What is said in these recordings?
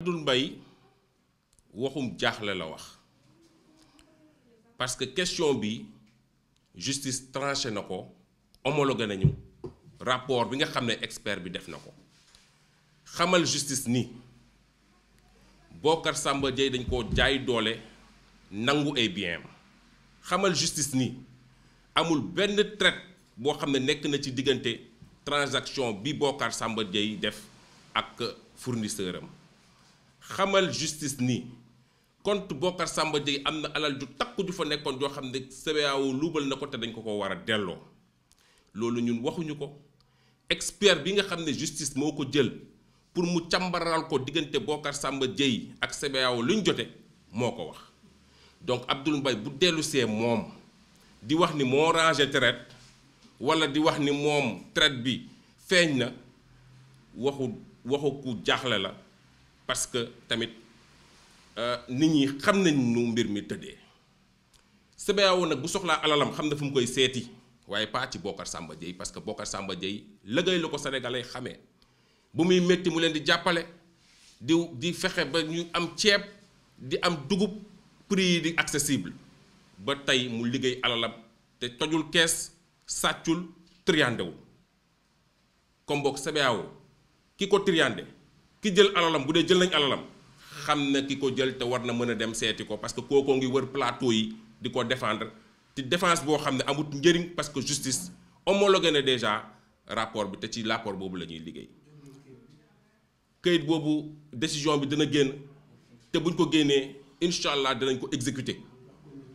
Abdoul mbay waxum jaaxle la wax parce que question bi justice tranché na ko homologué nañu rapport bi nga xam ne expert bi def na ko xamal justice ni Bocar Samba Dièye dañ koo jaay doole nangu ay bien xamal justice ni amul benn traite boo xam ne nekk na ci diggante transaction bi Bocar Samba Dièye def ak fournisseur am xamal justice nii compte Bocar Samba Dièye am na alal ju takku ju fa nekkoon joo xam ne CBAO luubal na ko te dañ ko ko war a delloo loolu ñun waxuñu ko expert bi nga xam ne justice moo ko jël pour mu càmbaral ko diggante Bocar Samba Dièye ak CBAO lu ñu jote moo ko wax donc Abdoul Mbaye bu dellu see moom di wax ni moo rangé traite wala di wax ni moom traite bi feeñ na waxu waxu ku jaaxle la parce que tamit euh, nit ñi xam nañ nu mbir mi tëddee CBAO nag bu soxlaa alalam xam ne fu mu koy seeti waaye pas ci Bocar Samba Dièye parce que Bocar Samba Dièye liggéey la ko sénégalais xamee bu muy métti mu leen di jàppale di di fexe ba ñu am ceeb di am dugub prix yi di accessible ba tey mu liggéey alalam te tojul kees sàccul triandewul comme boog CBAO ki ko triande ki jël alalam bu dee jël nañ alalam xam na ki ko jël te war na mën a dem seeti ko parce que kookoo ngi wër plateau yi di ko défendre ti défense boo xam ne amut njëriñ parce que justice homologué na déjà rapport bi te ci rapport boobu la ñuy liggéey këyit boobu décision bi dana génn te buñ ko génnee incha allah danañ ko exécuter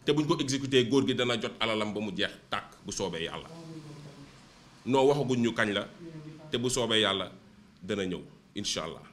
te buñ ko exécuter góor gi dana jot alalam ba mu jeex tàkk bu soobee yàlla noo waxaguñ ñu kañ la te bu soobee yàlla dana ñëw incha allah.